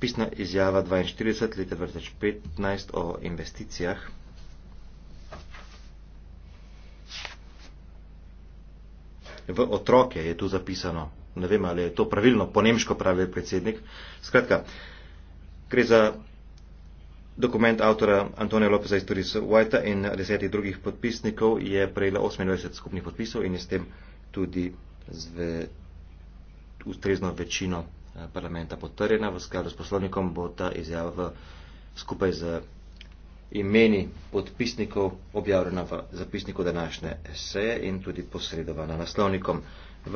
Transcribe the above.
pisna izjava 42, leta 2015 o investicijah. V otroke je tu zapisano, ne vem, ali je to pravilno, po nemško pravi predsednik. Skratka, gre za dokument avtora Antonija Lopeza iz Turis Whitea in desetih drugih podpisnikov je prejela 28 skupnih podpisov in je s tem tudi zve, ustrezno večino Eh, parlamenta potrjena, v skladu s poslovnikom bo ta izjava v, skupaj z imeni podpisnikov objavljena v zapisniku današnje seje in tudi posredovana naslovnikom. V